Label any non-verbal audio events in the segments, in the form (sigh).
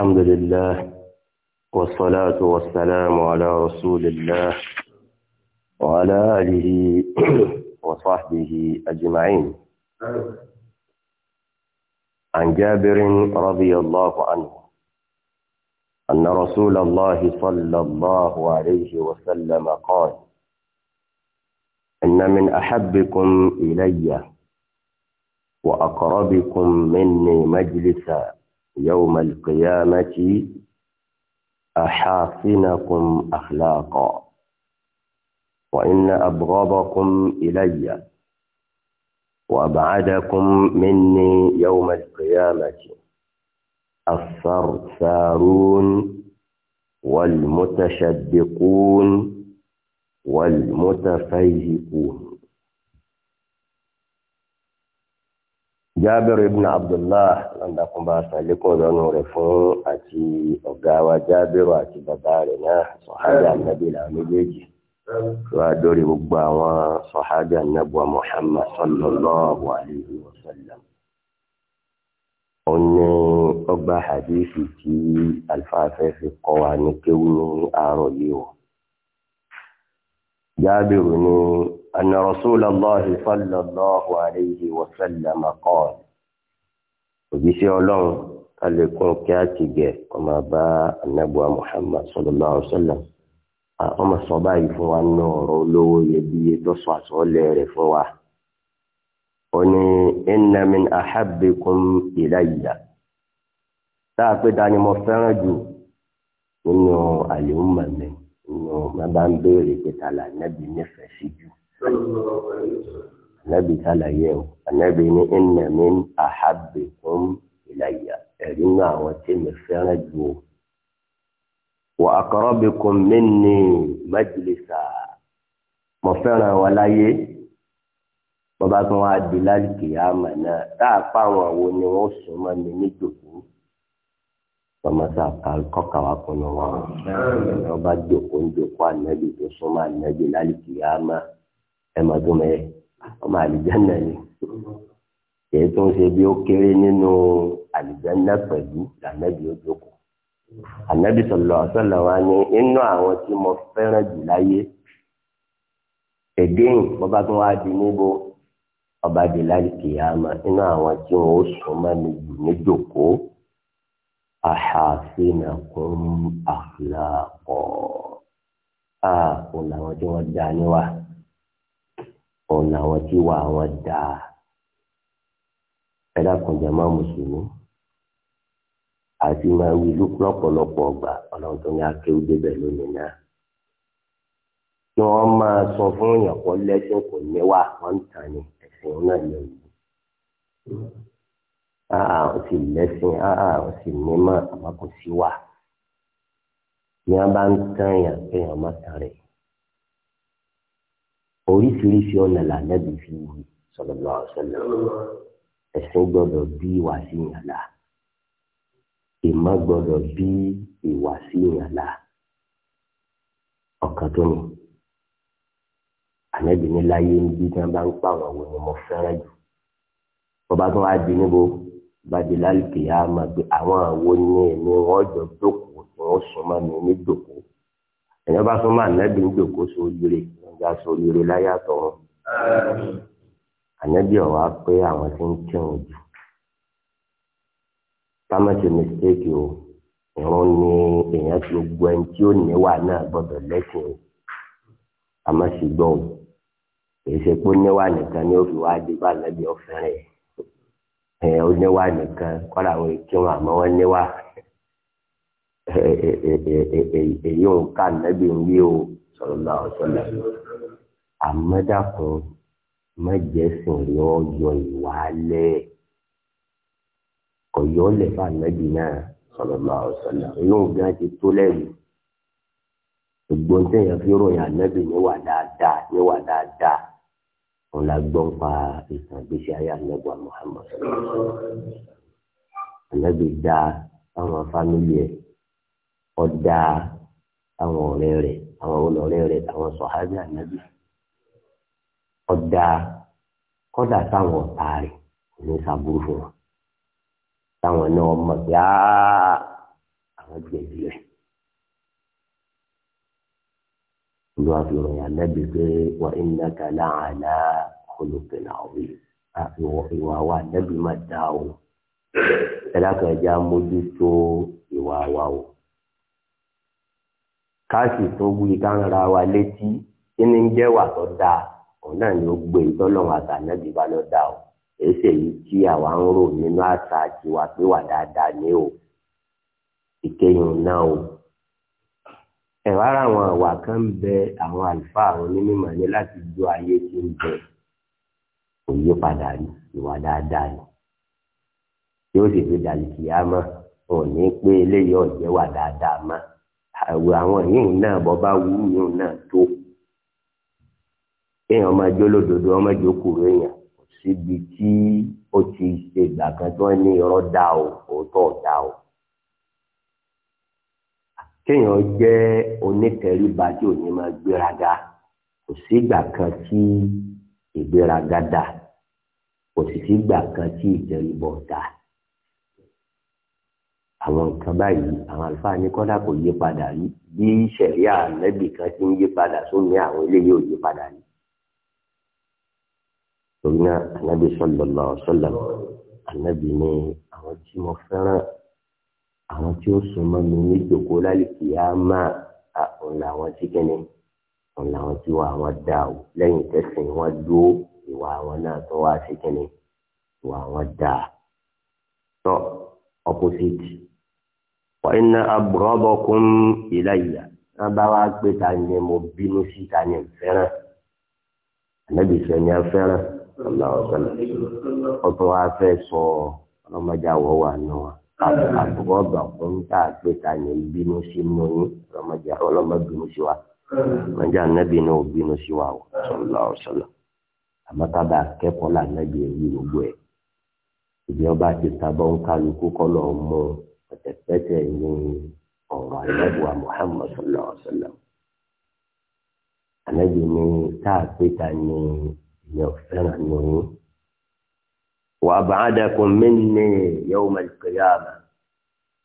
الحمد لله والصلاة والسلام على رسول الله وعلى آله (clears throat) وصحبه أجمعين عن جابر رضي الله عنه أن رسول الله صلى الله عليه وسلم قال إن من أحبكم إلي وأقربكم مني مجلسا يوم القيامة أحاسنكم أخلاقا وإن أبغضكم إلي وأبعدكم مني يوم القيامة الثرثارون والمتشدقون والمتفيهقون jábẹ̀rẹ̀ ibn abdullah lọ́ndàkùn bá sàlékún ìrọ̀nù rẹ̀ fún àti ọ̀gá wa jábẹ̀rẹ̀ àti bàbá rẹ̀ náà sọ̀hájà nàbí làwọn méjèèjì wá dórí gbogbo àwọn sọ̀hájà nàbùwà muhammad sallallahu alayhi wa sallam. ó ní ọgbà hadithi tí alfaafẹ́ fi kọ́ wa ní kéwú ní àárọ̀ o jábẹ̀rẹ̀ ní. أن رسول الله صلى الله عليه وسلم قال وبيسي الله قال لكم كاتجة كما باء النبوة محمد صلى الله عليه وسلم أما صباي فوا النور ولو يبي دصع صلير فوا وني إن من أحبكم إلي تعقد أني مفرج إنه اليوم من إنه ما بان بيري كتالا نبي نفسي Ànábì sàlàyé o, ànábì ní inna min ahabbikum ilayya, ẹ̀rí nínú àwọn tí mi fẹ́ràn jù o. Wa aqrabikum minni majlisa, mo fẹ́ràn wọn láyé bọ́bá tún wá di lálùkì àmà náà táà fáwọn àwo ni wọ́n sùn mọ́ mi níjòkó bàmá sàkà kọ́kà wá kún un wọn ọba jòkó ń jòkó ànábì tó sún ànábì lálùkì àmà ẹ máa dún mẹ́rẹ̀ ọmọ àlìjánà ni èyí tó ń ṣe bí ó kéré nínú àlìjánà pẹ̀lú lànàbí ó jókòó ànàbí sọlọ sọlọ wa ni inú àwọn tí mo fẹ́ràn jù láyé ẹ̀dẹ́yìn bọ́bá tó wá di níbo ọba di láìkè àmà inú àwọn tí wọn ó sùn mọ́ mi jù níjókòó àhàfínàkùn àfìlà ọ̀ ààkùn làwọn tí wọ́n dá níwá ọ̀nà àwọn tí wà wọn dáa ẹ dákun jàmá mùsùlùmí àti máa wí lọ́pọ̀lọpọ̀ ọgbà ọlọ́run tó ní akéwú débẹ̀ lónìí náà kí wọ́n máa sọ fún èèyàn kọ́ lẹ́sìn kò níwà wọ́n ń tàn ní ẹ̀sìn náà lẹ́yìn àà ò sì lẹ́sìn àà sì mímọ́ àmọ́ kò sí wà ní wọ́n bá ń tàn yàn kéèyàn má tàn rẹ̀ oríṣiríṣi ọ̀nà lànàbì fi wù sallallahu alaihi wasallam ẹ̀sìn gbọ́dọ̀ bí ìwà sí ìyànlá ìmọ̀ gbọ́dọ̀ bí ìwà sí ìyànlá ọ̀kan tó ní ànábì ní láyé ń bí tí wọ́n bá ń pa àwọn òun ni mo fẹ́ràn jù wọ́n bá tún wá di níbo bá di lálùkìyà máa gbé àwọn àwọn ní ẹ̀mí wọn jọ dòkó tí wọ́n mọ́ mi ní dòkó ẹ̀yàn bá sọ máa nẹ́bí ń jòkó sóríire ẹ̀yà sóríire láyà tọ̀run. ànẹ́bí ọ̀wá pé àwọn tí ń kírun jù támẹ́sì mistake o ìrún ni èèyàn ti gbogbo ẹni tí ó níwà náà gbọ́dọ̀ lẹ́sìn o àmọ́ ṣùgbọ́n o èyí ṣe pé níwà nìkan ni ó fi wá dé bá nẹ́bí ọ̀fẹ́rẹ̀ ẹ̀ ó níwà nìkan kọ́ra àwọn èkìrun àmọ́ wọ́n níwà èyí ò ká nẹ́bí ń wí o sọ̀rọ̀lá ọ̀sọ̀lá àmọ́dàkùn mẹ́jẹ̀sìn rẹ̀ ọ̀yọ́ ìwálẹ̀ ọ̀yọ́ lẹ̀ fà nẹ́bí náà sọ̀rọ̀lá ọ̀sọ̀lá yóò gan ti tó lẹ́rù gbogbo ntẹ̀yàn fi ròyìn ànẹ́bí níwà dáadáa níwà dáadáa wọn la gbọ́ ń ìtàn gbèsè ayé ànẹ́bí Muhammad sọ̀rọ̀lá ọ̀sọ̀lá ànẹ́bí dá fámìlì ẹ̀ ọ̀dà àwọn ọ̀rẹ́ rẹ̀ àwọn olọ̀rẹ́ rẹ̀ àwọn sọ̀hábì ànábì ọ̀dà kọ́dà táwọn ọ̀tá rẹ̀ ní sàbúrú fún wọn táwọn náà mọ̀ pé àwọn jẹ̀bi rẹ̀. Olúwa fi ròyìn ànábì pé wà innaka la'ala khuluqin 'azim ìwà wa ànábì máa dá o. Ẹ dákun mójútó ìwà wa o. káàsì tó wí ká ń ra wa létí kíni ń jẹ́ wà tó òun náà ni ó gbé ìtọ́lọ́run àtànẹ́bí bá lọ o èsè yìí tí àwa ń rò nínú àṣà tiwa pé wà dáadáa ní o ìkẹyìn náà o ẹ̀rọ ara àwọn àwà kan bẹ àwọn àlùfáà àwọn onímọ̀ ní láti jó ayé tí ń bẹ kò yí padà rí ìwà dáadáa ni yóò sì fi dàlùkì yá mọ́ òun ní pé ẹ̀wù àwọn yìí náà bọ́ bá wú yìí náà tó kéèyàn máa jó lódodo ọmọ ìjókòó èèyàn si síbi tí ó ti ṣe ìgbà kan tó ní irọ́ dá o òótọ́ dá o kéèyàn jẹ́ onítẹríba tí ò ní máa gbéraga kò kan tí ìgbéraga dà kò àwọn nǹkan báyìí àwọn àlùfáà ní kọ́dà kò yí padà rí bí sẹ̀ríà lẹ́bì kan ti ń yí padà sómi àwọn eléyìí ò yí padà rí. torí náà anábì sallallahu sallam anábì ní àwọn tí mo fẹ́ràn àwọn tí ó sùn mọ́ mi níjòkó lálùkì á máa òun làwọn tí kẹ́ni òun làwọn tí wà wọn dà o lẹ́yìn tẹ̀sìn wọn dúró ìwà àwọn náà tó wá sí kẹ́ni ìwà wọn dà. tọ́ opposite wa inna abghadakum ilayya wọn bá wá pé ta ni mo bínú sí ta ni fẹ́ràn ànábì sẹni afẹ́ràn ọlọ́ọ̀sọ́nà ọtún wa fẹ́ sọ ọlọ́mọdé àwọ̀ wà nù wa abghadakum tá a pé ta ni bínú sí nù yín ọlọ́mọdé ọlọ́mọbínú sí wa wọn jẹ ànábì náà bínú sí wa o sallallahu alaihi àmọ́ tábà kẹ́kọ̀ọ́ là ànábì yẹn yí gbogbo ẹ̀ ìdí ọba ti tàbọ̀ ń kálukú kọ́lọ̀ mọ pẹ̀tẹ̀pẹ̀tẹ̀ ní ọ̀rọ̀ àlẹ́bùwà Muhammad sallallahu alaihi wasallam. àlẹ́bí ni táàpẹ́ta ni ìyẹn fẹ́ràn nìyẹn. wà á ba'adakum minni yawm al-qiyamah.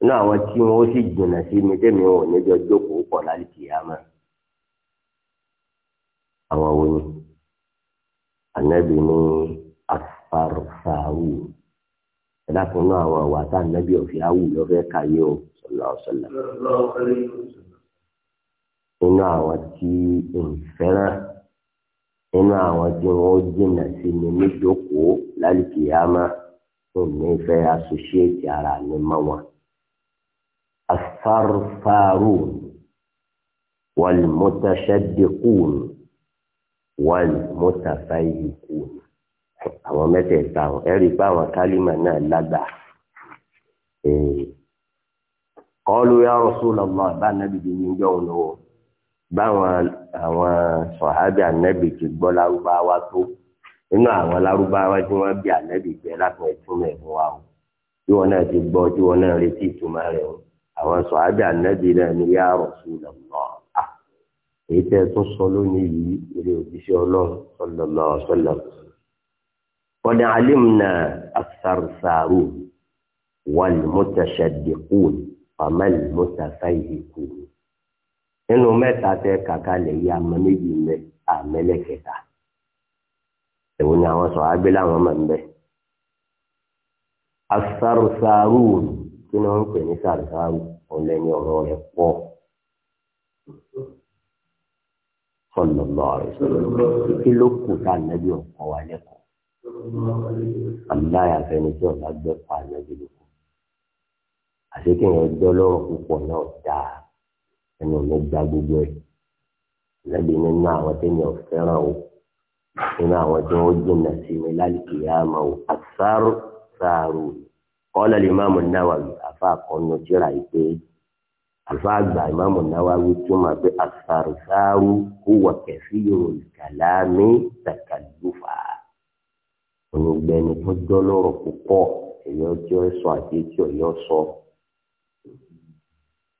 inú àwọn tí wọ́n sì jìnnà sí mi tẹ́mi wọn ò ní jọ jókòó pọ̀ lálẹ́ àwọn wo ni àlẹ́bí ni dákun náà àwọn àwọn àtànàbí òfin awù lọ́fẹ́ kàyé o sọlá ọ̀sọlá. inú àwọn tí ń fẹ́ràn inú àwọn tí wọ́n jìnnà sí ni níjókòó lálùkìyàmá ní fẹ́ asosiyeti ara mi mọ́ wọn. afarfarun wal àwọn mẹ́tẹ̀ẹ̀ta ọ̀ ẹ rí i pé àwọn kálímà náà lágbà kọlu ya Rasulullah bá nàbì bí níjọ òun o báwọn àwọn sọhábì ànábì ti gbọ́ lárúbáwá tó nínú àwọn lárúbáwá tí wọ́n bí ànábì pé lápẹ ìtumọ̀ ẹfún wa o tí wọ́n náà ti gbọ́ tí wọ́n náà retí ìtumọ̀ rẹ̀ o àwọn sọhábì ànábì náà ní ya Rasulullah ah, èyí tẹ́ tó sọ lónìí yìí eré òjíṣẹ́ Ọlọ́run sallallahu sallam. قد علمنا الثرثارون والمتشدقون فما المتفيهقون nínú mẹ́ta tẹ kàkà lè yí àmọ́ méjì ń bẹ àmẹlẹkẹta èwo ni àwọn sọ agbé láwọn mọ ń bẹ kí ni wọ́n ń pè ní sarusaaru òun lẹni ọ̀rọ̀ rẹ̀ pọ̀ sọlọlọ rẹ kí ló kù tá a nàbí ọkọ wa lẹ́kọ̀ọ́ àbúláyà fẹni tí ọba gbẹ pa ànábì lóko àti kéèyàn jọ lọ́rọ̀ púpọ̀ náà dáa ẹnu mi gba gbogbo ẹ ànábì nínú àwọn téèyàn fẹ́ràn o nínú àwọn tí wọn jìnnà sí mi lálùkì yá máa o àṣàrò ṣàrò kọ́lá lè má náà wà àfa àkọ́nù tíra yìí àfa àgbà ìmáàmù Nawawi túmọ̀ pé àṣàrò ṣàrò kó wà kẹfì yorùbá kàlámì òun gbẹni tó jọ lọ́rọ̀ púpọ̀ èyí ọjọ́ sọ àti etí ọ̀yọ́ sọ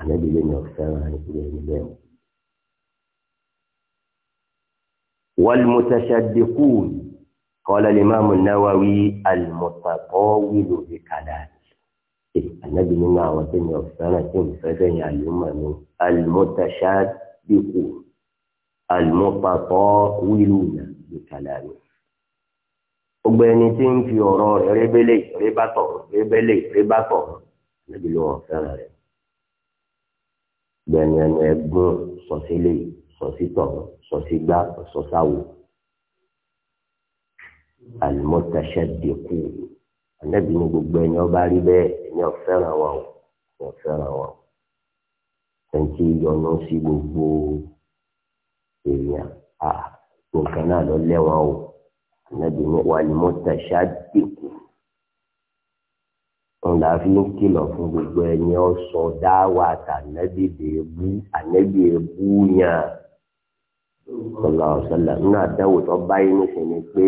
ànábi lè ní ọ̀fẹ́ràn ìlú ẹni bẹ́ẹ̀ o. والمتشدقون قال الإمام النووي المتطاول بكلامه النبي من عوتين وفسانة فدن يعلمون المتشدقون المتطاولون بكلامه gbogbo ẹni tí ń fi ọ̀rọ̀ rẹ̀ rébélé rébátọ̀ rébélé rébátọ̀ níbi ló wọ́n fẹ́ràn rẹ̀ gbẹ̀yìn ẹnu ẹgbọ́n sọ̀sílẹ̀ sọ̀sítọ̀ sọ̀sígbá sọ̀sáwò alimọ́tàṣẹ́dẹ́kù ànábì ní gbogbo ẹni ọba rí bẹ́ẹ̀ ẹni ọ̀fẹ́ràn wa o ọ̀fẹ́ràn wa o ẹni tí yọnu sí gbogbo èèyàn nǹkan náà lọ lẹ́wọ̀n o ànábì ní wàlímọ́tàṣádìkù ńlá fi ń kìlọ̀ fún gbogbo ẹni ọ̀sọ̀ dáwà tànábì bèébú ànábì èébú yàn sọlá ọ̀sọ̀lá nínú àdáwò tó báyìí nìṣẹ́ ni pé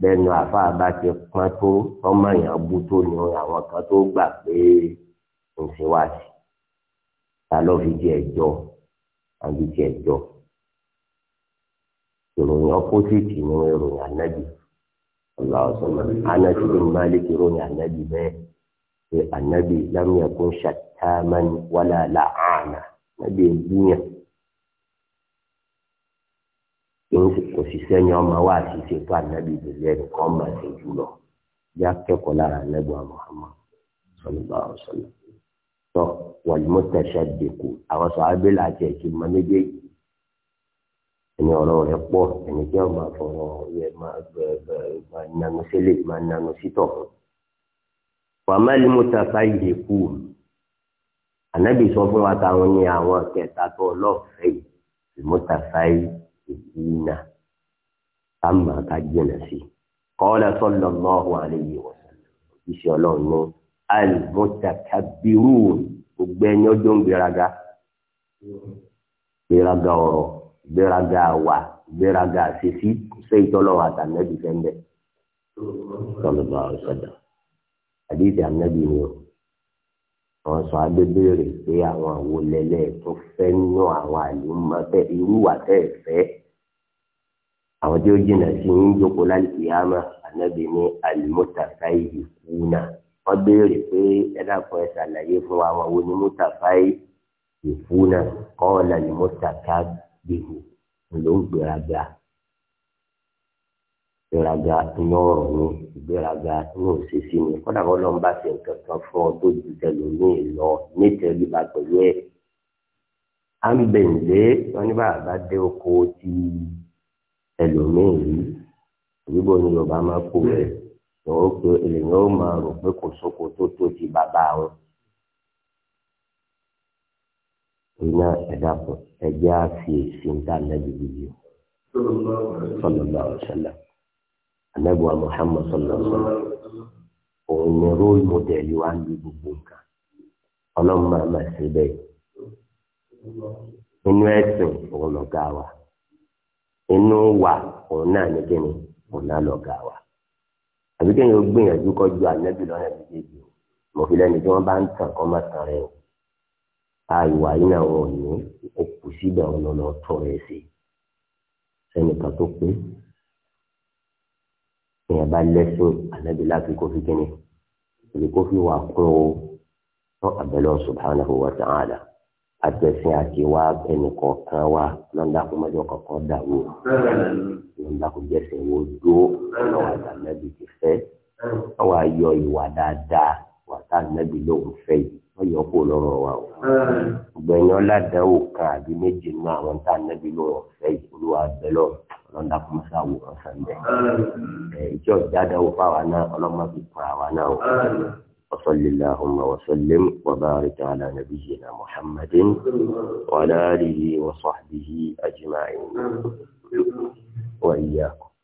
bẹ́ẹ̀ni àfáà bá ti pọ́n tó ọmọ yẹn bú tó ní àwọn kan tó gbà pé ń ṣe wá sí ta ló fi jẹ́ ẹjọ́ àbí jẹ́ ẹjọ́ ìròyìn ọpọ́sìtì ni ìròyìn ànábì ọlọ́ọ̀sọ́nà anájú bin malik ìròyìn ànábì bẹ́ẹ̀ pé ànábì lam yakun shattaman wala la'ana ànábì ègbúyàn kò sì sẹ́yìn ọmọ wa àṣìṣe tó ànábì ìbílẹ̀ nìkan ọmọ àṣẹ jùlọ yá kẹ́kọ̀ọ́ lára ànábì wa muhammad sallallahu alaihi tó wal mutashaddiqu àwọn sọ abẹ́lẹ̀ àti ẹ̀kí mọ́ méjèèjì ẹni ọ̀rọ̀ rẹ̀ pọ̀ ẹni tí wọ́n máa fọ̀rọ̀ yẹ máa nanu sílẹ̀ máa nanu sítọ̀ fún. wàmẹ́lì mùtàfà yìí kú ànábì sọ fún wa táwọn ní àwọn kẹta tó ọlọ́ọ̀fẹ́ yìí mùtàfà yìí kú náà ká máa ká jìnà sí i. kọ́lá sọ́lọ́ lọ́hùn àlejò wọ̀sánlẹ̀ iṣẹ́ ọlọ́run ní àlùmọ́tàkàbírù gbogbo ẹni ọjọ́ ń gbéraga gbéraga ọ̀rọ̀ ìgbéraga wa ìgbéraga àṣefi kò sí ìtọ́lọ́wọ́ àtànẹ́bí fẹ́ńbẹ́ sọlọ́bà ọ̀sọ̀dọ̀ àdìsí ànẹ́bí ni o àwọn sọ adébèrè pé àwọn àwòlẹ́lẹ̀ tó fẹ́ nú àwọn àlùmọ́fẹ́ irú wà tẹ́ ẹ̀ fẹ́ àwọn tí ó jìnnà sí ń jókòó lálùkìyàmà ànẹ́bí ní àlùmọ́tàfáì kùnà wọ́n béèrè pé ẹ ẹ ṣàlàyé fún wa àwọn onímọ́tàfáì ìfúnà kọ́ ọ̀làlùmọ́tàkàbí gbèrú ló ń gbéraga gbéraga inú ọ̀rọ̀ ni gbéraga inú òṣèṣì ni kódà wọn lọ ń bá ṣe nǹkan kan fún ọ tó ju tẹlómìn lọ nítorí bá pẹ̀lú ẹ̀ à ń bẹ̀ǹdé wọn ní bàbá dé oko ti ẹlòmíín yìí àdúgbò ní Yorùbá máa kó rẹ̀ lọ́wọ́ pé ènìyàn máa rò pé kò sóko tó tó ti bàbá wọn. iná ẹ̀dá kan ẹ̀jẹ̀ á fi èsì ń dá nẹ́bí bíbí o. sọlọ́lá ọ̀sẹ̀lá anábùwà Muhammad sọlọ́ sọlọ́ òun ni role model wa ń lu gbogbo nǹkan ṣe bẹ́ẹ̀. inú ẹ̀sìn òun lọ́gá wa inú wa òun náà ní kíni òun náà wa àbíkẹ́yìn ó gbìyànjú kọjú tí wọ́n bá ń tàn kọ́ tàn rẹ̀ o. àìwà yìí náà wọn ò ní òkú síbẹ̀ ọ̀nà lọ tọ̀ rẹ̀ sí ẹnìkan tó pé èèyàn bá lẹ́sìn ànábì láti kó fi kíni èmi wà kún o fún abẹ́lẹ́ subhanahu wa ta'ala àtẹ̀sìn àti wá ẹnìkan kan wá lọ́ńdà kó mọ́jọ́ kankan dà wó lọ́ńdà kó jẹ́sìn wo dó lọ́wọ́ àtànábì ti fẹ́ wọ́n yọ ìwà dáadáa wà tá ànábì lóhùn fẹ́ yìí wọ́n yọ kó lọ́rọ̀ wa o. gbẹ̀yìn ọ̀làdáwò kan àbí méje nínú àwọn tá a nẹ́bí ló wọ́n fẹ́ olúwa bẹ́lọ̀ ọlọ́dà kọ́mọ́sá wò wọ́n sàn bẹ́ẹ̀. ìjọ ìdádáwò fáwa náà ọlọ́mọ fi pa àwa náà o. وصل اللهم وسلم وبارك على نبينا محمد وعلى آله وصحبه أجمعين وإياكم